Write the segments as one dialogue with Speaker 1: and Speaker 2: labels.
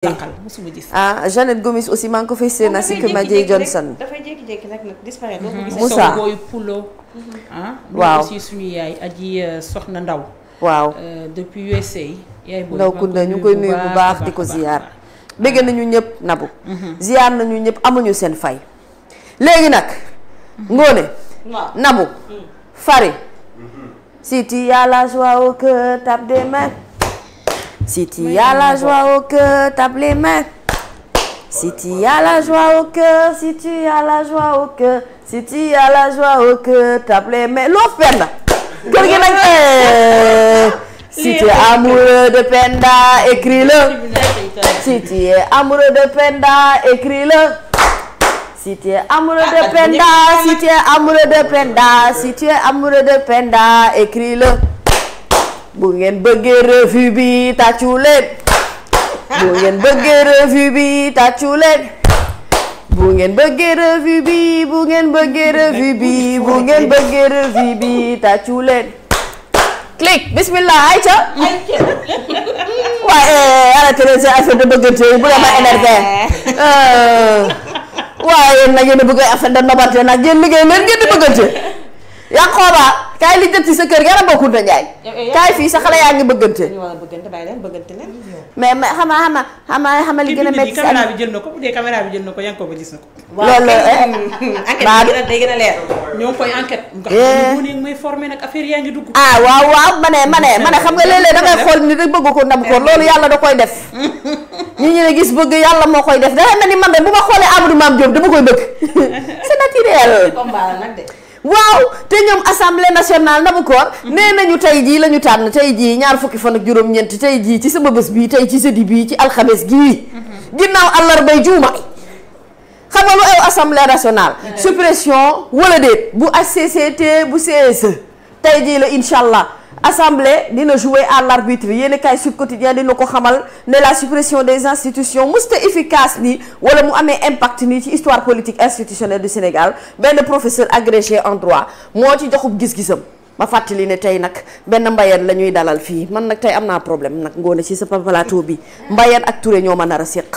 Speaker 1: laqal mosuma
Speaker 2: ah, aussi maa ngi ko fay seen. asik Madie Johnson dafay jékki-jékki rek nag disparaître. Mhm. Moussa Sow booy Pulo. Mhm. Ah, waaw aussi euh, soxna Ndaw. waaw euh, depuis USA. yaay booy Ndaw ñu koy nuyu bu baax di ko ziyaar. bëgg nañu ñëpp nabu. Mhm. ziyaar nañu ñëpp amuñu seen fay. léegi nag. Ngone. nabu. Fari. si tu as la joie au cœur Si tu as la joie au cœur, tape les mains. Si tu as la joie au cœur, si tu la joie au cœur, si tu as la joie au cœur, tape les mains. Loo Penda. kër gi nag si tu es amoureux de le Si tu es amoureux de Penda, écris-le. Si tu es amoureux de ah, Penda, si tu es amoureux de Penda, si le bu ngeen bëggee revue bi tàccu leen bu ngeen bëggee revue bi tàccu leen bu ngeen bëggee revue bi bu ngeen bëggee revue bi bu ngeen bëggee revue bi tàccu leen clic bismillah ayca waaye arrêté leen seen affaire de bëggante bu la ma énervé waaye nag yéen a bëgg affaire de nobante nag yéen liggéey leen ngeen di bëggante yaa xoobaa kaay li jëm ci sa kër yàlla bokkul na Ndiaye. Eh, eh, eh. kaay fii sa xale yaa ngi bëggante. ñu war a bëggante bàyyi leen bëggante leen. mais mais xama xama xama li gën a métti. caméra na ko bu bi jël na na ko. loolu la enquête bi a leer. ñoo ngi koy enquête. nga xam ne may formé nag affaire yaa ngi dugg. ah waaw waaw ma ne ma ne ma ne xam nga léeg-léeg dangay xool ni rek bëgg ko ndam ko loolu yàlla da koy def. ñu ñu ne gis bëgg yàlla moo koy def dafay mel ni man de bu ma xoolee Amadou Mame Diop dama koy bëgg c'est naturel. combat waaw te ñoom assemblée nationale na koor nee nañu tey jii la ñu tànn tey jii ñaar fukki fan ak juróom-ñeent tey jii ci sama bés bii tey ci jeudi bii ci alxames gii ginnaaw àllarbay juuma xam nga lu ew assemblée nationale suppression wala déet bu HCCT bu CSE tey jii la incha allah assemblée dina jouer à l'arbitre yéen kay Sud Quotidien dina ko xamal ne la suppression des institutions musta efficace nii wala mu amee impact nii ci histoire politique institutionnelle du Sénégal benn professeur agrégé en droit moo ci joxub gis-gisam ma fàttali ne tey nag benn mbayeen la ñuy dalal fii man nag tey am naa problème nag ngoone ci sa plateau bi mbayeen ak Touré ñoo ma nar a séq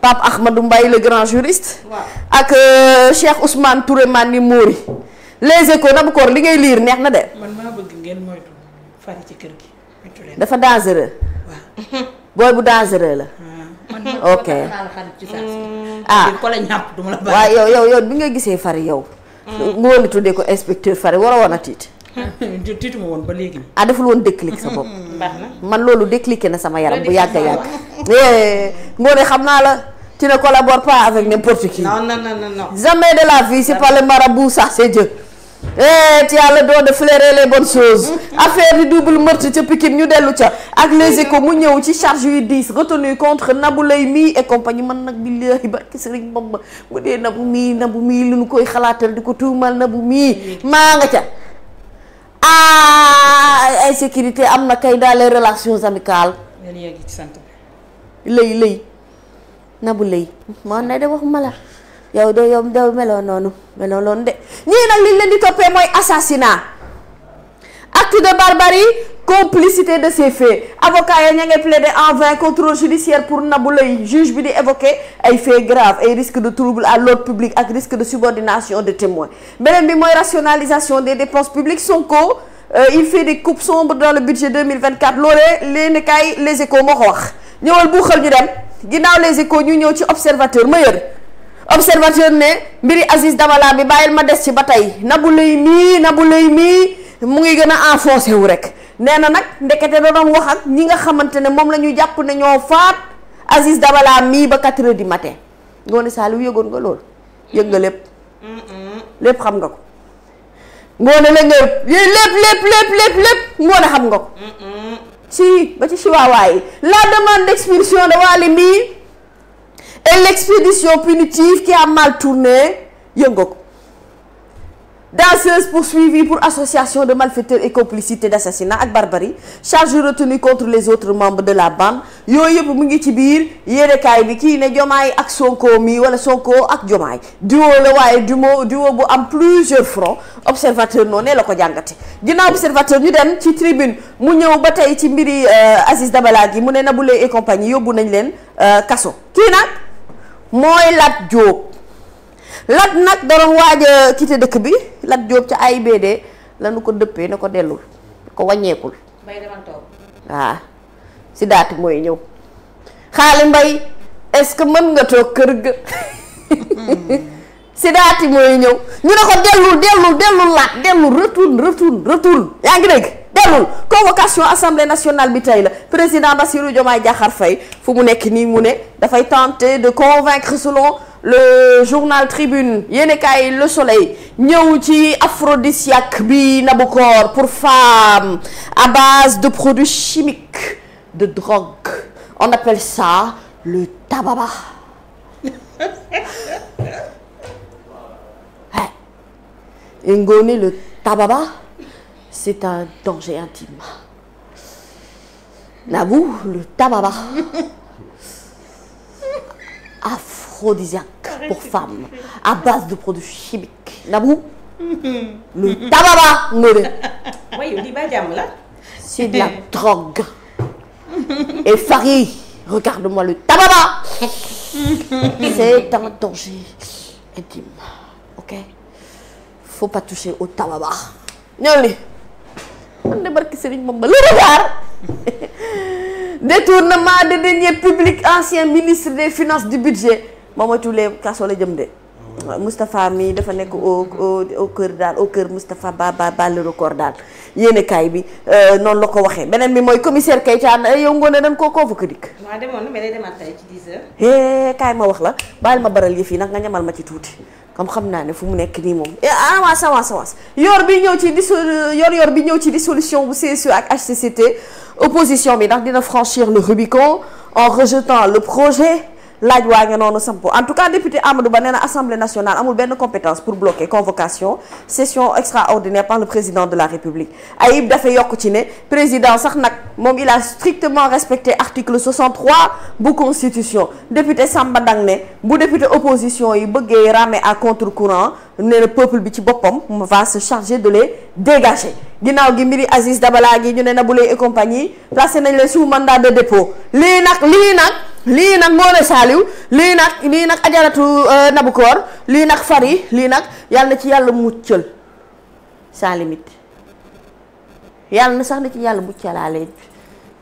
Speaker 2: Pape Ahmadou Mbaye le grand juriste ak euh, Cheikh Ousmane Touré Mani les échos Nabu li ngay liir neex na de man maa ngeen moytu fari ci kër gi. dafa dangereux. waaw booy bu dangereux la. ok mm. ah waaw yow yow yow bi nga gisee fari yow. mu mm. woon di tuddee ko inspecteur fari war a woon a tiit. tiitu ma woon ba léegi. ah deful woon déclic sa bopp. Mm. baax na man loolu décliqué na sama yaram bu yàgg a yàgg. Eh, ngoone xam naa la. tu ne collabores pas avec n'importe qui. non non non de la vie c'est pas le marabout ça c'est Dieu. et eh, yàlla doo de flairer les bonnes choses affaire du double meurtre ca Pikine ñu dellu ca ak les échos mu ñëw ci charge yu diis retenu contre Nabou Leye mii et compagnie man nag billaahi barki Sëriñ Bamba mu dee Nabou mii Nabou mii li ñu koy xalaatal di ko tuumal Nabou mii maa nga ca ah, ay insécurité am na kay dans les relations amicales. lay lay Nabou Leye maa nay de waxuma la yow de yow de noonu meloo noonu de ñii nag liñ leen di toppee mooy assassinat acte de barbarie complicité de ces faits avocat ya ña ngi plaider en vain contrôle judiciaire pour Nabou Leye juge bi di évoqué ay faits graves ay risque de trouble à l'ordre public ak risque de subordination de témoins beneen bi mooy rationalisation des dépenses publiques Sonko euh, il fait des coupes sombres dans le budget 2024 loolee leen kay les moo ko wax ñëwal bu ñu dem ñëw ci observateur ma yër observateur ne mbiri Aziz Dabala bi bàyyil ma des ci ba tey na Nabou Leye mii bu Leye mii mu ngi gën a enfoncé wu rek nee na nag ndekete da doon wax ak ñi nga xamante ne moom la ñu jàpp ne ñoo faat Aziz Dabala mii ba 4 di du matin Ngoné Saliou yëgoon nga loolu yëg nga lépp lépp xam nga ko Ngoné la nga lépp lépp lépp lépp lépp Ngoné xam nga ko si ba ci chihuahua la demande d'expulsion de mii et l'expédition punitive qui a mal tourné yëngu ko danseuse poursuivie pour association de malfaiteurs et complicité d'assassinat ak barbarie charge retenue contre les autres membres de la bande yooyu yëpp mu ngi ci biir yérekaay bi kii ne Diomaye ak Sonko mi wala Sonko ak Diomaye duo la waaye duo duo bu am plusieurs fronts observateur noonu la ko jàngate ginnaaw observateur ñu dem ci tribune mu ñëw ba tey ci mbiri euh, Aziz Dabala gi mu ne Naboulaye et yóbbu nañ leen euh, kaso kii mooy Lat Diop Lat nag da doon waaj dëkk bi Lat Diop ca AIBD lañu ko dëppee ne ko dellul ko wàññeekul. mbay dama toog mooy ñëw xaali mbay est-ce que mën nga toog kër ga si daati mooy ñëw ñu ne ko dellul dellul dellul laat dellul retourne retourne retourne yaa ngi dégg. dellul convocation assemblée nationale bi tey la président Bassirou jomay Diakhar Faye fu mu nekk nii mu ne dafay tenter de convaincre selon le journal Tribune yéenekaay Le Soleil ñëw ci aphrodisiaque bi Nabucor pour femme à base de produits chimiques de drogue on appelle ça le tababa c'est un danger intime. L'amour, le tabac. Aphrodisiaque pour femmes, à base de produits chimiques. L'amour, le tabac. c'est la drogue. Et Farid, regarde-moi le tabac. C'est un danger intime. Ok Faut pas toucher au tabac. man de barki Serigne Bamba le regard détournement de de deniers publics ancien ministre des finance du budget moom atulee kaso la jëm de oh. Moustapha mi dafa nekk au au cœur daal au cœur Moustapha ba ba ba le record daal yéene kaay bi euh, noonu la ko waxee beneen bi mooy commissaire Keita yow ngoone dañ koo convoqué dikk. waaw demoon na mais day demaat tey ci 10 heures. kaay ma wax la bàyyil ma baral yëf yi nag nga ñamal ma ci tuuti. comme xam naa ne fu mu nekk nii moom avance avance avance yor bi ñëw ci disso yor yor bi ñëw ci dissolution bu CSE ak HCCT opposition bi ndax dina franchir le Rubicon en rejetant le projet laaj waa nga noonu sampo en tout cas député Amadou Ba nee na assemblée nationale amul benn compétence pour bloquer convocation session extraordinaire par le président de la république Ayib dafa yokk ci ne président sax nag moom il a strictement respecté article 63 bu constitution député Samba Dang ne bu député opposition yi bëggee ramer à contre courant ne le peuple bi ci boppam va se charger de les dégager ginnaaw gi mbiri Aziz Dabala gi ñu ne na bu lay et compagnie placé nañ leen sous mandat de dépôt lii nag lii nag lii nag ngoone saaliw lii nag lii nag ajaratu euh, nabu lii nag fari lii nag yàlla na ci yàlla muccal sans limite yàlla na sax na ci yàlla muccalaale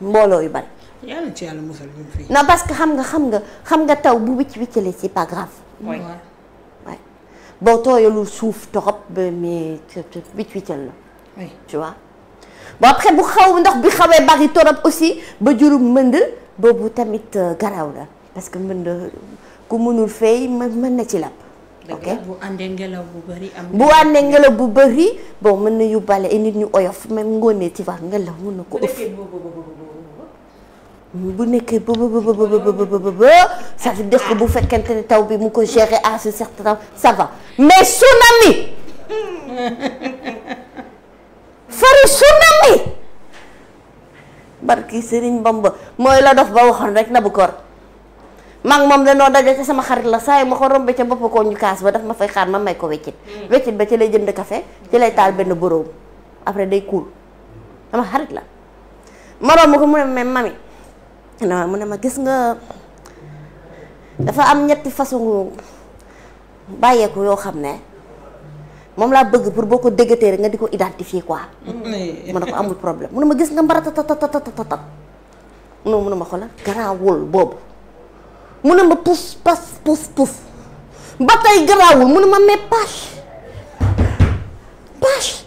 Speaker 2: mbooloo yu bari yàlla ci yàlla musal ñu fi parce que xam nga xam nga xam nga taw bu wicc wiccalee c'est pas grave boo tooyalul suuf torop mais wicc wiccal la tu vois bon bu xaw ndox bi xawee bari torop aussi ba jurum mënd boobu tamit garaaw la parce que mën na ku mënul fay mën na ci làpp ok bu àndee ngelaw bu bëri am bu àndee ngelaw bu bëri bon mën na yóbbaale ay nit ñu oyof même ngoonee ci wax ngelaw mën na ko ëff bu nekkee ba ba ba ba ça veut dire que bu fekkente ne taw bi mu ko gérer à ce certain temps ça va mais tsunami faru tsunami barki Serigne Bamba mooy la def ba waxoon rek na bu kor mag moom noo daje ca sama xarit la saa yi ma ko rombe ca bopp koo ñu kaas ba daf ma fay xaar ma may ko weccit hmm. weccit ba ci lay jënd kafe ci lay taal benn boroom après day kuul sama xarit la moroom ma ko mu ne ma mami non mu ne ma gis nga dafa am ñetti façon bàyyeeku yoo xam ne moom laa bëgg pour boo ko déggatee rek nga di ko identifier quoi. mu ne ko amul problème mu ne gis nga mbara tatatatatatatat mu ne ma mu ne garaawul boobu mu ne ma puus pas puus puus ba tey garaawul mu ne ma mais pâche pâche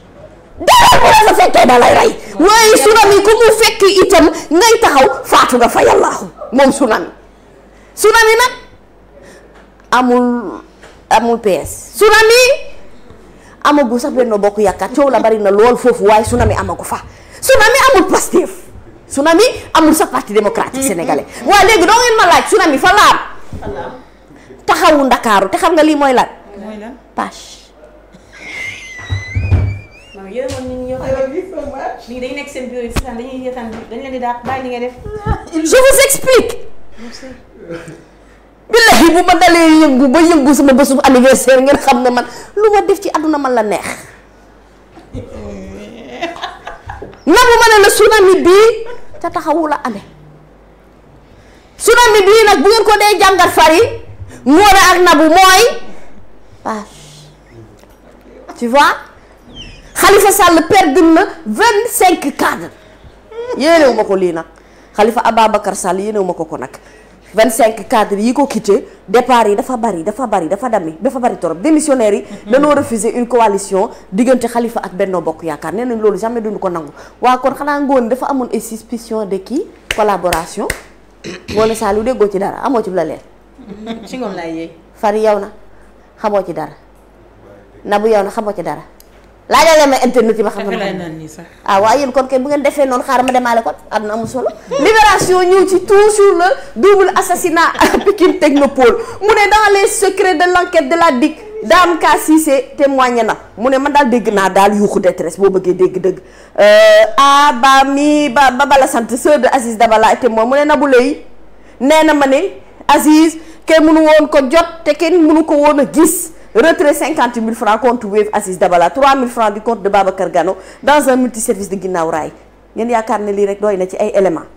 Speaker 2: dara fa fekkee da lay rey waaye tsunami ku mu fekk itam ngay taxaw faatu nga fa yàllaahu moom tsunami tsunami nag amul amul PS tsunami amagu sax benn bokk yaakaar coow la bari na lool foofu waaye tsunami amagu fa tsunami amul Pastef tsunami amul sax parti démocratique sénégalais waaye léegi doo ngeen ma laaj tsunami fa laam taxawu ndakaaru te xam nga lii mooy lan page yéen a ngi ñëw dañu nekk seen bureau yi dañuy yéexal dañu leen di daax bàyyi li nga def. explique. billahi bu ma dalee yëngu ba yëngu sama bésu anniversaire ngeen xam ne man lu ma def ci àdduna man la neex nangu ma ne la tsunami bii ca taxawu la amee tsunami bii nag bu ngeen ko dee jàngat far yi Ngoné ak Nabou mooy page tu vois Khalifa Sall perdre na vingt cinq cadres yéenewu ko lii nag Khalifa Ababacar Sall yéenewu ma ko ko nag cinq cadres yi ko quitté départ yi dafa bari dafa bari dafa dami dafa bari torop démissionnaires yi mhm. dañoo refuser une coalition diggante Khalifa ak Benno Bokk Yaakaar ne nañ loolu jamais duñu ko nangu waa kon xanaa ngoon dafa amoon ay suspicion de kii collaboration wala saa lu déggoo ci dara amoo ci la leer ci ngoon laay yëy fari yow na xamoo ci dara na bu yow na xamoo ci dara laajal ma internet yi ma xam ne sax ah waaw yéen kon kay bu ngeen defee noonu xaaral ma demaale kon àdduna amul solo libération ñëw ci toujours le double assassinat à Pikine Technopole mu ne dans les de l'enquête de la DIC Dame Ka Cissé témoigné na mu ne man daal dégg naa daal yuuxu détresse boo bëggee dégg dëgg euh, a ah, ba mi ba bala sant sœur de Aziz Dabala témoin mu ne Nabou Leye nee na ma ne Aziz kenn mënu woon ko jot te kenn mënu ko woon a gis retrait cinquante mille francs compte Wave Aziz Dabala trois mille francs du compte de Babacar Gano dans un multiservice de Guinaw Rail ngeen yaakaar ne lii rek doy na ci ay éléments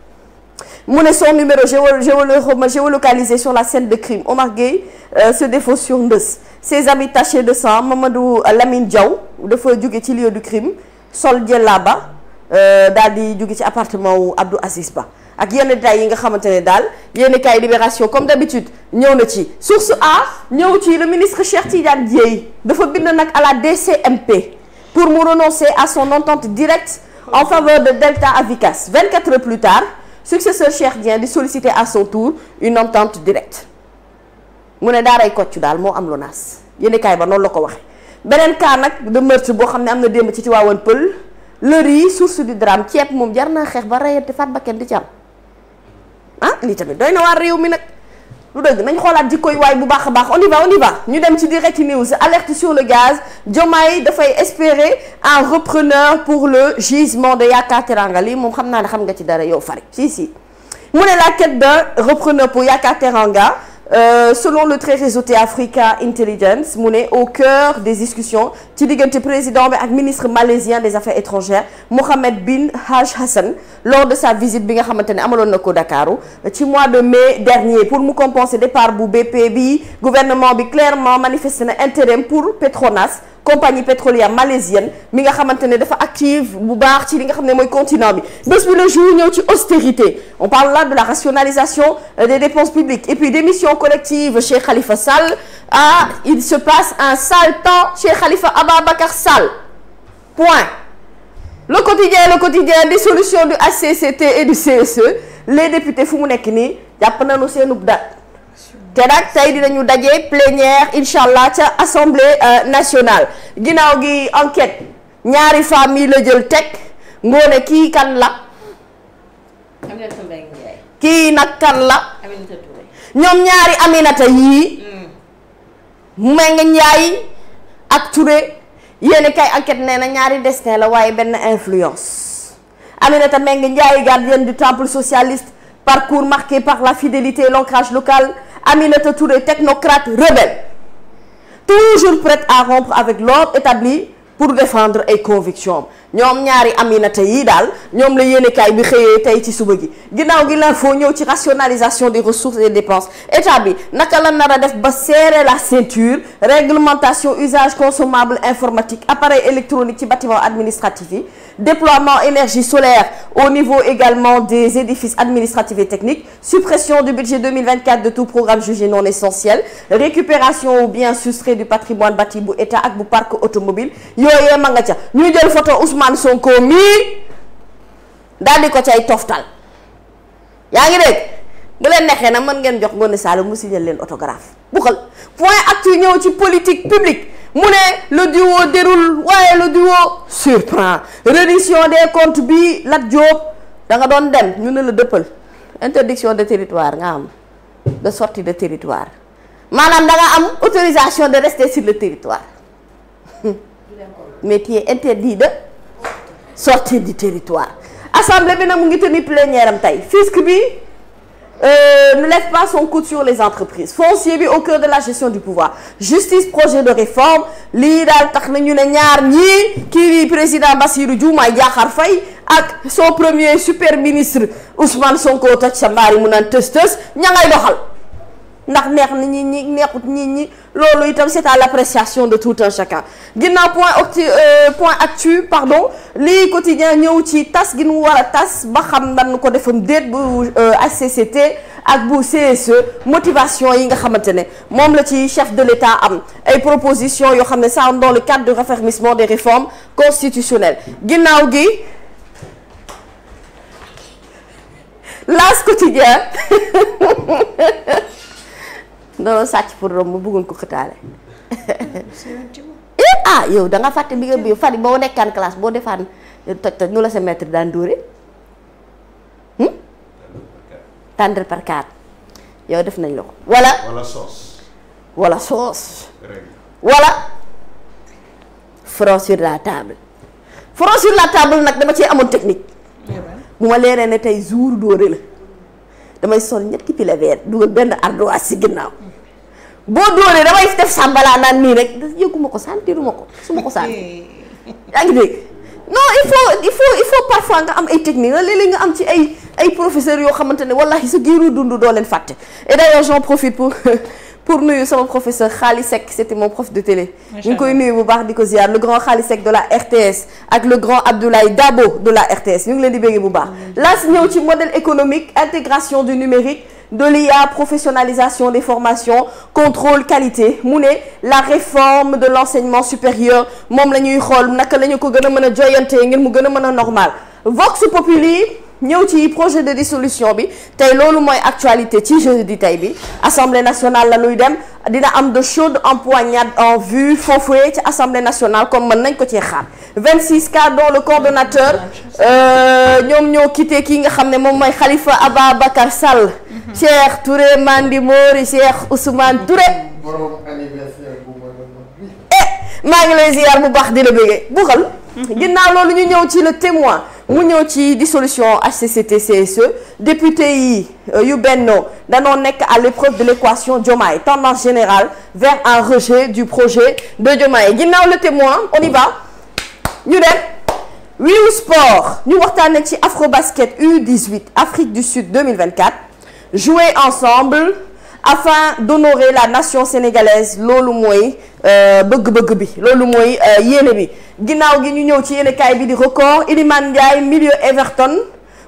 Speaker 2: mu ne son numéro géolo géolocalisé sur la scène de crime Omar Gueye euh, se défausse sur Ndës ses habits tachés de sang Mamadou Lamine Diaw dafa jóge ci lieu du crime sol jellaba euh, daal di jóge ci appartement wu Abdou Aziz Ba ak yenn détails yi nga xamante ne daal yéen kay libération comme d'habitude ñëw na ci source A ñëw ci le ministre Cheikh Tidiane Dièye dafa bind nag à la DCMP pour mu renoncer à son entente directe en faveur de Delta Avicas 24 heures plus tard successeur Cheikh Dièye di solliciter à son tour une entente direct mu ne daaray kocc daal moo am LONASE yéen kay ba noonu la ko waxee beneen cas nag de meurtre boo xam ne am na démb ci Tivaouane Peulh lër yi source du drame ceeb moom jar naa xeex ba rayante faat ba kenn di ci am ah lii tamit doy na waa réew mi nag lu dëgg nañ xoolaat jikkooy waay bu baax a baax on y va on y ñu dem ci direct news alerte sur le gaz Diomaye dafay espérer un repreneur pour le gisement de Yakaar Teranga lii moom xam naa ne xam nga ci dara yow Fari si si mu ne la quête d'un repreneur pour Yakaar Euh, selon le très réseauté Africa Intelligence mu ne au cœur des discussions ci diggante président bi ak ministre malaisien des affaires étrangères Mohamed Bin Haj Hassan lors de sa visite bi nga xamante ne amaloon na ko Dakaru ci mois de mai dernier pour mu compenser départ bu BP bi gouvernement bi clairement manifesté na intérêt pour Petronas compagnie pétrolière malaisienne mi nga xamante ne dafa active bu baax ci li nga xam ne mooy continent bi bés bi le jour ñëw ci austérité on parle là de la rationalisation euh, des dépenses publiques et puis démission collective chez Khalifa Sall ah il se passe un sale temps chez Khalifa Ababacar Sall point le quotidien le quotidien des solutions du HCCT et du CSE les députés fu mu nekk nii jàpp nañu seenub date te nag tey dinañu daje plénière incha allah ca assemblée euh, nationale ginnaaw gi enquête ñaari famille la jël teg ngoone kii kan la. kii nag kan la. ñoom ñaari Aminata yii. Mm. Mbengue Ndiaye ak Touré yéen kay enquête nee na ñaari destin la waaye benn influence Aminata Mbengue Ndiaye gardienne du temple socialiste. parcours marqué par la fidélité et l'ancrage local Aminata Touré technocrate rebelle toujours prête à rompre avec l'ordre établi pour défendre ay convictions ñoom ñaari Aminata yi daal ñoom la yéenekaay bi xëyee tey ci suba gi ginnaaw gi la foo ci rationalisation de ressources et des état bi naka la nar def ba serrer la ceinture réglementation usage consommable informatique appareil électronique ci bâtiment administratif yi déploiement énergie solaire au niveau également des édifices administratifs et techniques suppression du budget 2024 de tout programme jugé non essentiel récupération aux biens soustraits du patrimoine bâti bu état ak bu parc automobile yooyee ma Ousmane Sonko mii daal di ko cay toftal yaa ngi dégg bu leen neexee na mën ngeen jox Ngoné Sall mu signal leen autographe buxal point actu ñëw ci politique publique mu ne le duo déroule waaye le duo surprend reddition des comptes bi Lat Diop da nga doon dem ñu ne la dëppal interdiction de territoire nga am de sortie de territoire maanaam da am autorisation de rester sur le territoire mais tu de sorti du territoire assemblée bi nag mu ngi tenir plénière am tey fisc bi Euh, ne lève pas son coude sur les entreprises foncier bi au cœur de la gestion du pouvoir justice projet de réforme lii daal tax na ñu ne ñaar ñi kii di président Bassirou Diomaye Diakhar fay ak son premier super ministre Ousmane Sonko toj sa mbaari mu naan tës tës ña ngay doxal ndax neex na ñi ñi neexut ñi ñi loolu itam c'est à l'appréciation de tout un chacun ginnaaw point actu euh, point actu pardon lii quotidien ñëw ci tas gi nu war a tas ba xam nan ko defam déet bu HCCT euh, ak bu CSE motivation yi nga xamante ne moom la ci chef de l'État am ay proposition yoo xam ne ça dans le cadre du raffermissement des réformes constitutionnelles ginnaaw gi L'As quotidien doo sàcc pour romb bëgguñ ko xëtaale. Eh, ah yow da fàtte bi nga bi fari boo nekkaan classe boo defaan eh, toj toj nu la sa maître daan dóore. Hmm? tendre par carte yow def nañ la ko wala. wala sauce. wala sauce. wala. front sur la table. front sur nag dama ci amoon technique. bu ma leeree ne tey jour dóore la. damay sol ñetti pile vert dugal benn ardoise si ginnaaw. boo dóoree damay def sàmbalaa naan nii rek yëguma ko sentiruma ko su ma ko sant yaa ngi dégg non il faut il faut il faut parfois nga am ay technique la léeg-léeg nga am ci ay ay professeurs yoo xamante ne wallahi sa giiru dund doo leen fàtte et d'ailleurs j'en profite pour pour nuyu sama professeur Khali Seck c'était mon prof de télé ñu ngi koy nuyu bu baax di ko ziar le grand Khali Seck de la RTS ak le grand Abdoulaye Dabo de la RTS ñu ngi leen di bégge bu baax laas ñëw ci modèle économique intégration du numérique de l'IA professionnalisation des formations contrôle qualité mu ne la réforme de l'enseignement supérieur moom la ñuy xool naka la ñu ko gën a mën a joyante ngir mu gën a mën a normal Vox Populi ñëw ci projet de dissolution bi tey loolu mooy actualité ci jeudi tey bi assemblée nationale la ñuy dem dina am de chaudes empoignades en vue foofuyee ci assemblée nationale comme mën nañ ko ci xaar 26 cas dont le coordonnateur euh, ñoom ñoo quitté kii nga xam ne moom mooy Khalifa Ababacar Sall. Mm-hmm. Cheikh Touré Mandi Mori Cheikh Ousmane Touré. borom eh, maa ngi lay bu baax di la bëggee buxal. Mm-hmm. ginnaaw loolu ñu ñëw ci le témoin. mu ñëw ci dissolution HCCT CSE député yi euh, yu danoo nekk à l'épreuve de l'équation Diomaye tendance générale vers un rejet du projet de Diomaye ginnaaw le témoin on y va ñu dem wiu sport ñu waxtaanee ci Afrobasket U18 Afrique du Sud 2024 jouer ensemble afin d'honorer la nation sénégalaise loolu mooy euh, bëgg-bëgg bi loolu mooy euh, yéene bi ginnaaw gi ñu ñëw ci yéene bi di record Iliman Ndiaye milieu Everton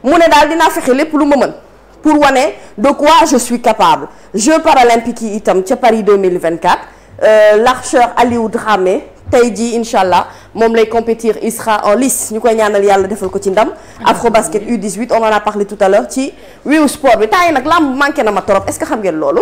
Speaker 2: mu ne daal dinaa fexe lépp lu ma mën pour wane de quoi je suis capable Jeux paralympiques yi itam ca Paris 2024 euh, l'archeur Aliou Dramé tey jii incha allah moom lay compétir il sera en lice ñu koy ñaanal yàlla defal ko ci ndam. afro basket U18 on a parlé tout à l'heure ci wiwu sport bi temps nag lamb manqué na ma trop est-ce que xam ngeen loolu.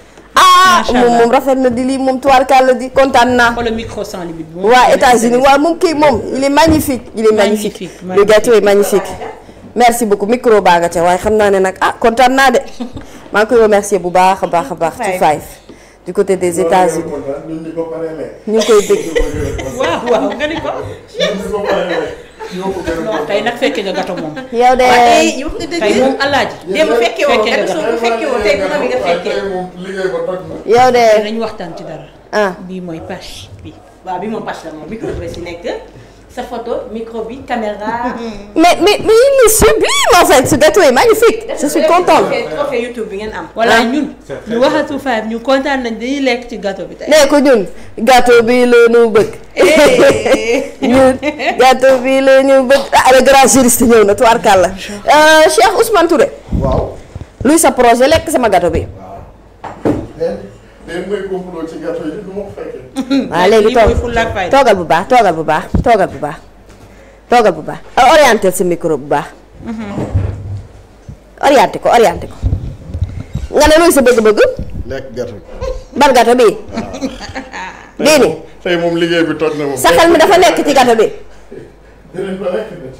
Speaker 2: ah moom moom rafet na di lii moom tubaarkàlla di kontaan naa. wala micro waa États-Unis waaw moom kii moom il est magnifique. il est magnifique le gâteau est magnifique. merci beaucoup micro baa nga ca waaye xam naa ne nag ah kontaan naa de maa koy remercier bu baax a baax a baax. ci five du côté des États-Unis ñu koy dégg. waaw yoo ko gën a nag fekke nga gato moom. yow de tey wax nga dëgg tey moom alaaji. démb fekkee woo nga gato soo fekke woo tey gën a nga fekkee. yow de. dinañ waxtaan ci dara. ah bii mooy pàcc bi. waa bi moom pàcc la moom micro bi si nekk. sa photo micro bi caméra. mais mais mais il est sublime en fait ce gâteau est magnifique. je suis contente trophée YouTube bi ngeen am. voilà ah. ñun ñu waxatu faam ñu kontaan nañ dañuy lekk ci gato bi tey. nee ñun gâteau bi la ñu bëgg. Eh. ñun gâteau bi la bëgg ah le grand juriste ñëw na tubaarkàlla. Euh, Cheikh Ousmane Touré. waaw. luy sa projet lekk sama gâteau bi. léegi may góobloo ci gâteau yi du ma ko fekkee.
Speaker 1: waaw léegi toogal bu
Speaker 2: baax toogal bu baax toogal bu baax toogal bu baax ah, orienté sa micro bu baax. Mm-hmm. orienté ko orienté ko. nga ne luy sa bëgg-bëgg. lekk gâteau bi. bar gâteau bi. bii nii bi toj sa xel mi dafa nekk ci gâteau bi.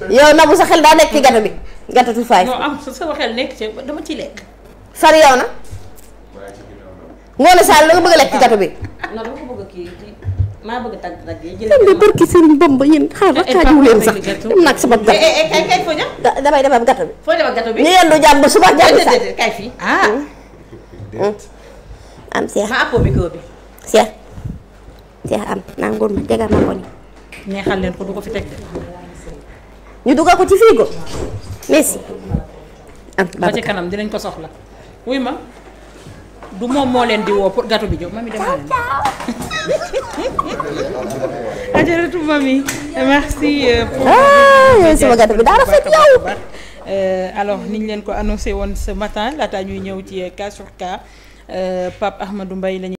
Speaker 2: yow Nabou sa xel daa nekk ci gâteau bi. gâteau tufaay. am sa xel nekk ci dama ci lekk. far yow ngoone Sall la nga bëgg a lekk ci gâteau bi. non dama ko bëgg kii maa bëgg tàgg tàgg yi jëlee. jëlee barki Serigne Bamba yéen xaar rakkaaju eh, eh, leen eh, sax dem naa ak sama gâteau. eh eh kay foo jëm. damay dem ak gâteau bi. foo dem ak ñu yendu jàmm ba suba sax. kay fii ah. hmm. Hmm. am Cheikh ma appoo micro bi. Cheikh Cheikh am naa ngoon ma jegal ma ko nii. neexal leen ko du ko fi teg ñu dugal ko ci frigo. merci. am ba ci ko soxla du moom moo leen di woo pour gato bi jóg mami demal leen ajaratu mami merci euh, pour yooyu ah, sama gâteau bi daa rafet yow euh, alors niñ leen ko annoncé woon ce matin laata ñuy ñëw ci cas sur cas euh, Pape Ahmadou lañu